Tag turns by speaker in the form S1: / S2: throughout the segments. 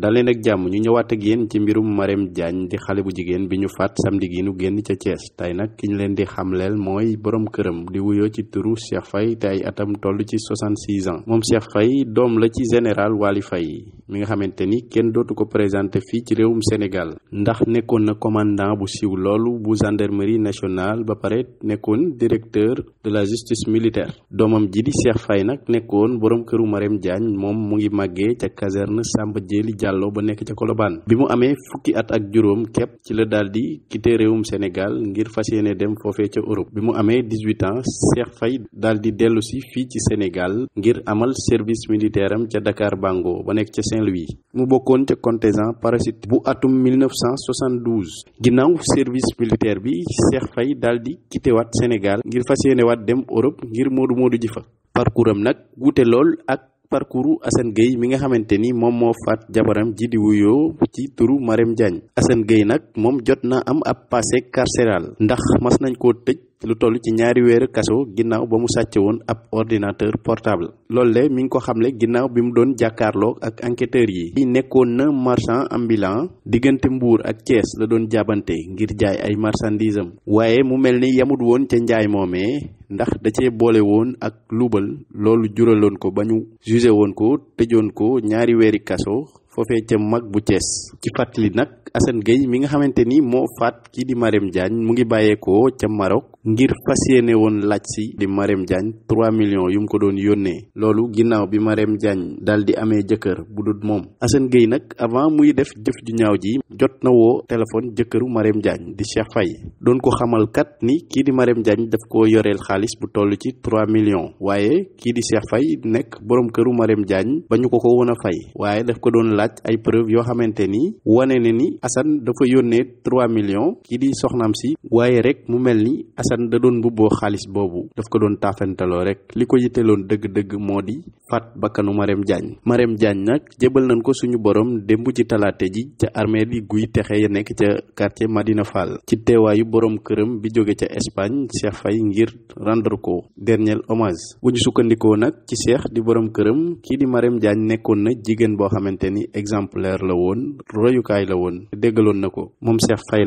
S1: daleen ak jàmm ñu ñëwaat ak yéen ci mbirum Marème Diagne di xale bu jigéen bi ñu faat samedi gi ñu génn ca Thiès tey nag ki ñu leen di xamleel mooy boroom këram di wuyoo ci turu Cheikh fay te ay atam toll ci 66 ans moom Cheikh Faye doom la ci général Waly Faye mi nga xamante ni kenn dootu ko présenté fii ci réewum Sénégal ndax nekkoon na commandant bu siiw loolu bu gendarmerie nationale ba pare nekkoon directeur de la justice militaire doomam ji di Cheikh fay nag nekkoon borom këru Marème Diagne moom mu ngi màggee ca caserne Samba Diallo ba nekk ca Colobane bi mu amee fukki at ak juróom képp ci la daal di quitté réewum Sénégal ngir fas yéene dem foofee ca Europe bi mu amee 18 ans Cheikh Faye daal di dellu fii ci Sénégal ngir amal service militaire am ca Dakar Bango ba nekk ca Saint-Louis mu bokkoon ca contingent parachute bu atum 1972 ginnaaw service militaire bi Cheikh Faye daal di quitté waat Sénégal ngir fas yéene dem Europe ngir moodu moodu ji fa parcours nag wuute lool ak parcours Assane Gueye mi nga xamante ni moom moo faat jabaram ji di wuyoo ci turu Marème Diagne Assane Gueye nag moom jot na am a passé carcéral ndax mas nañ koo tëj lu toll ci ñaari weer kaso ginnaaw ba mu sàcc woon ab ordinateur portable loolu le mi ngi ko xamle ginnaaw bi mu doon jàkkaarloo ak enquêteurs yi. nekkoon na marchand ambulant diggante mbuur ak Thiès la doon jàbbante ngir jaay ay marchandises am waaye mu mel ni yamut woon ca njaay moomee ndax da cee boole woon ak luubal loolu juraloon ko ba ñu jugé woon ko tëjoon ko ñaari weeri kaso. foofee ca mag bu Cees ci fàttali nag Assane Gueye mi nga xamante ni moo faat kii di Marème Diagne mu ngi bàyyeekoo ca Maroc ngir fas yéene woon laaj si di Marème Diagne 3 millions yu mu ko doon yónnee loolu ginnaaw bi Marème Diagne daal di amee jëkkër bu dul moom Assane Gueye nag avant muy def jëf ju ñaaw ji jot na woo téléphone jëkkëru Marème Diagne di Cheikh Faye doon ko xamal kat ni kii di Marème Diagne daf koo yoreel xaalis bu toll ci 3 millions waaye kii di Cheikh Faye nekk boroom këru Marème Diagne ba ñu ko ko woon a fay waaye daf ko doon laaj ay preuve yoo xamante ni wane na ni Assane dafa yónnee 3 millions kii di kan da doon mbubboo xaalis boobu daf ko doon taafentaloo rek li ko yitteloon dëgg-dëgg moo di faat bakkanu Marème Diagne Marème Diagne nag jébal nañ ko suñu boroom démb ci talaate ji ca armée di guy texe ya nekk ca quartier Madina Fall ci teewaayu boroom këram bi joge ca Espagne Cheikh fay ngir rendre ko dernier hommage bu ñu sukkandikoo nag ci seex di boroom këram kii di Marème Diagne nekkoon na jigéen boo xamante ni exemplaire la woon royukaay la woon déggaloon na ko moom Cheikh Faye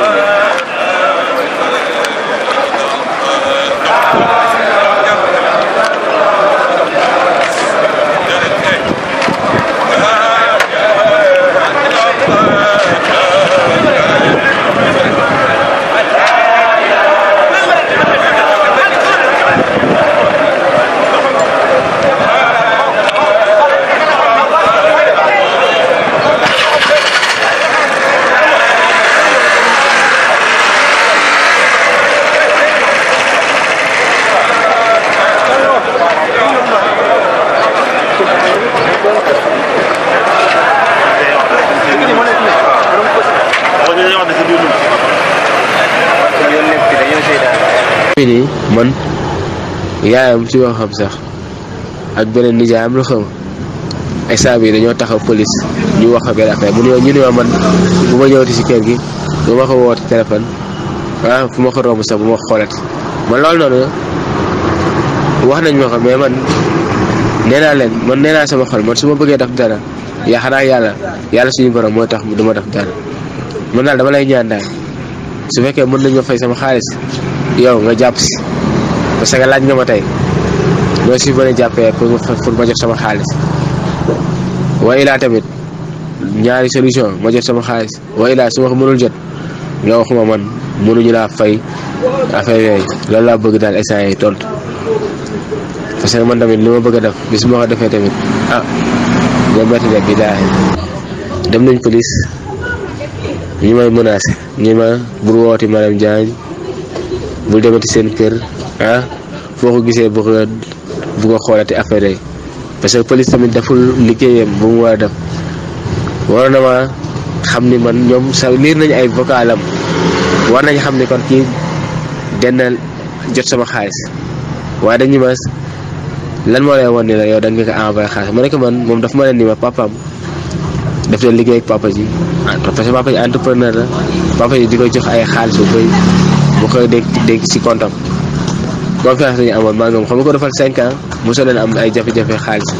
S2: fi nii man yaayam ci wax xam sax ak beneen nijaayam la xam ay yi dañoo taxaw polis ñu wax ak benn affaire man bu ma ñëwati si kër gi bu ma ko woote téléphone ah fu ma ko romb sax bu ma ko xoolati man loolu noonu nañ ma ko mais man nee naa leen man nee naa sama xol man su ma bëggee def dara yaa xanaa yàlla yàlla suñu borom mooy tax du ma def dara man daal dama lay ñaan daal su fekkee mën nañ ma fay sama xaalis yow nga jàpp si parce que laaj nga ma tey loo si mën a jàppee pour ma jot sama xaalis wa ilaa tamit ñaari solution ma jot sama xaalis wa ilaa su ma ko mënul jot nga waxuma man mënuñu laa fay affaire yooyu loolu laa bëgg daal instant yi tontu parce que man tamit li ma bëgg a def bis ma ko defee tamit ah nga métti de dem nañ police ñi may menacé ñi ma bur wooti madame Diagne bul demati seen kër ah, foo ko gisee bu ko bu ko xoolati affaire parce que police tamit deful liggéeyam bu mu war a def war na ma xam ni man ñoom sa liir nañu ay vocalam war nañu xam ni kon kii dennal jot sama xaalis waaye dañu ma lan moo lay wan ni la yow dañ nga ko envoyé xaalis ma ne ko man moom daf ma leen ni ma papaam def leen liggéey ak papa ji ah, parce que papa ji entrepreneur la papa ji di ko jox ay xaalis bu bëri bu koy dégg dégg si compte am confiance la ñu amoon maa ngi xam nga ko defal cinq ans mosoo leen am ay jafe-jafe xaalis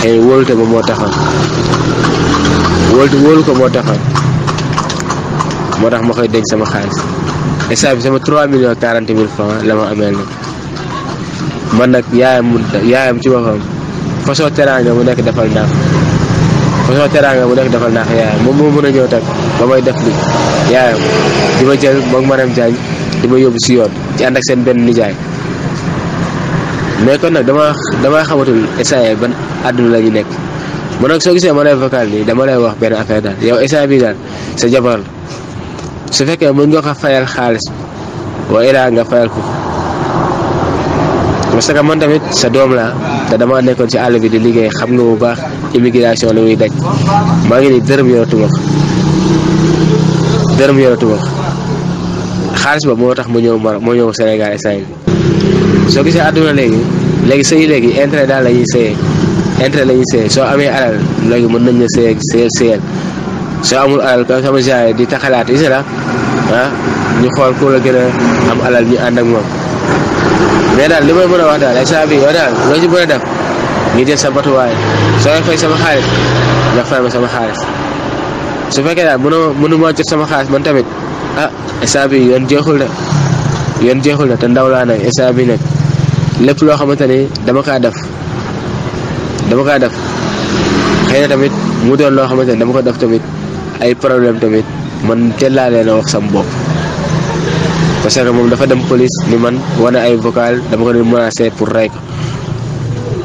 S2: xëy na wóolute ba moo taxaw wóolute wóolu ko moo taxaw moo tax ma koy denc sama xaalis instant bi sama 3 millions 40 mille francs la ma ameel nag man nag yaayam yaayam ci boppam façon teraanga mu nekk defal naa façon teraanga mu nekk defal naa yaayam moom moo mën a ñëw teg ba may def li yaayam di ma jël moom Marème Diagne di ma yóbbu si yoon ci ànd ak seen benn nijaay mais kon nag dama damaa xamatul essayé ban àdduna la ñu nekk man nag soo gisee ma lay vocal nii dama lay wax benn affaire daal yow essayé bi daal sa jabar su fekkee mën nga a fayal xaalis wa ilaa nga fayal ko parce que man tamit sa doom laa te dama nekkoon ci àll bi di liggéey xam nga bu baax immigration la muy daj maa ngi nii dërëm yoratuma ko dërëm yoratuma ko xaalis ba moo tax ma ñëw Maroc moo ñëw Sénégal instant soo gisee àdduna léegi léegi sëy léegi intérêt daal la ñuy sëyee intérêt la soo amee alal léegi mën nañ la sëyee sëyal soo amul alal comme sama genre di taxalaat is la ah ñu xool ku la gën a am alal ñu ànd ak moom. mais daal li may mën a wax daal instant bii yow daal loo ci mën def ñu jël sa batuwaay soo fay sama xaalis nga fay ma sama xaalis. su fekkee daal mënoo mënuma jot sama xaalis man tamit ah instant bi yoon jeexul de yoon jeexul de te ndaw laa nag instant nag lépp loo xamante ni dama kaa def dama kaa def xëy tamit mu doon loo xamante ni dama ko def tamit ay problème tamit man teel laa leen wax sama bopp parce que moom dafa dem police ni man wane ay vocal dama ko doon menacé pour rey ko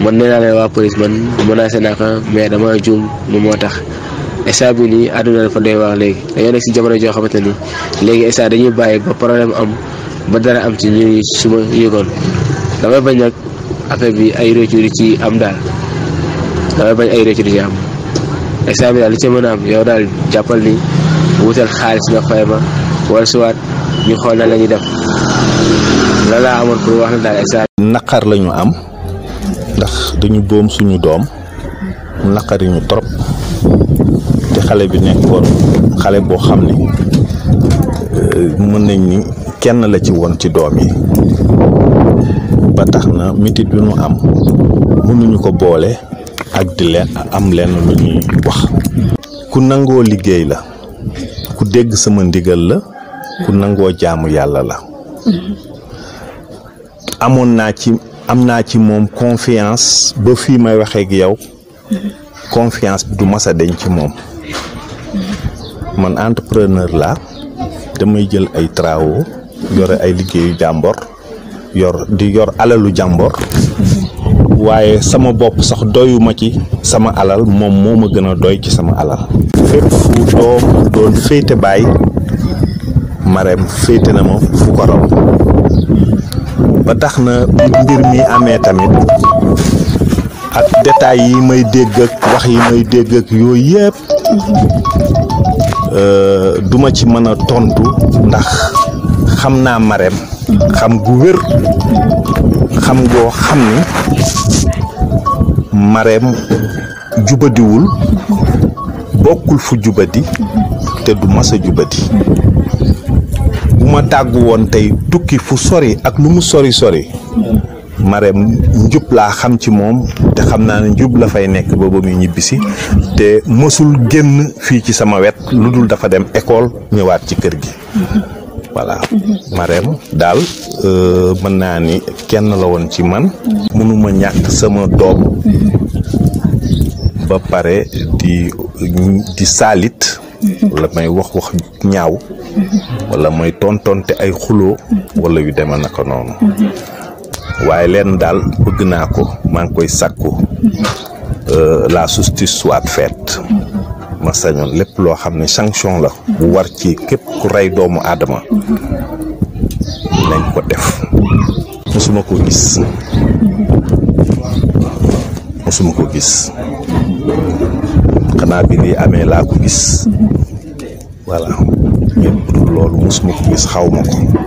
S2: man nee leen waa police man menacé naa ko mais dama juum moom moo tax instant bi nii àdduna dafa doy waar léegi dañoo nekk si jamono joo xamante ni léegi instant dañuy bàyyi ba problème am ba dara am ci ñun suma ma yëgoon damay bañ nag affaire bi ay retour yi ci am daal damay bañ ay retour yi am instant bi daal li ci mën am yow daal jàppal ni wutal xaalis nga fay ma wala suwaat ñu xool na la ñuy def la laa amoon pour wax na daal instant. naqar la ñu am ndax dañu boom suñu
S3: doom naqar yi ñu trop. te xale bi nekkoon xale boo xam ne euh, mën nañ ni kenn la ci woon ci doom yi ba tax na metit bi nu am mënuñu ko boole ak di leen am lenn lu ñuy wax ku nangoo liggéey la ku dégg sama ndigal la ku nangoo jaamu yàlla la amoon naa ci am naa ci moom confiance ba fii may waxee ak yow confiance bi du mas a deñ ci moom man entrepreneur laa damay jël ay travaux yore ay liggéeyu jàmbor yor di yor alalu jàmbor waaye sama bopp sax doyuma ci sama alal moom moo ma gën a doy ci sama alal fépp fu doom doon féete baay mareem féete na ma fu ko raw ba tax na mbir mi amee tamit ak détails yi may dégg ak wax yi may dégg ak yooyu yëpp Euh, duma ci mën a tontu ndax xam naa mareem xam gu wér xam goo xam ni mareem jubadiwul bokkul fu jubadi te du masa a jubadi bu ma tàggu woon tey tukki fu sori ak lu mu sori sori Marème njub laa xam ci moom te xam naa ne njub la fay nekk ba ba muy ñibbisi te mësul génn fii ci sama wet lu dul dafa dem école ñëwaat ci kër gi voilà Marème daal euh, mën naa ni kenn la woon ci man mënuma ñàkk sama doom ba di di saalit wala may wax wax ñaaw walla may tontonte ay xuloo walla yu deme naka noonu waaye leen daal bëgg naa ko maa ngi koy sàkku euh, la justice soit faite ma sañoon lépp loo xam ne sanction la bu war ci képp ku rey doomu aadama nañ ko def mosuma ko gis xanaa bi lii amee laa ko gis voilà ñëpp mosuma ko gis xaw ma ko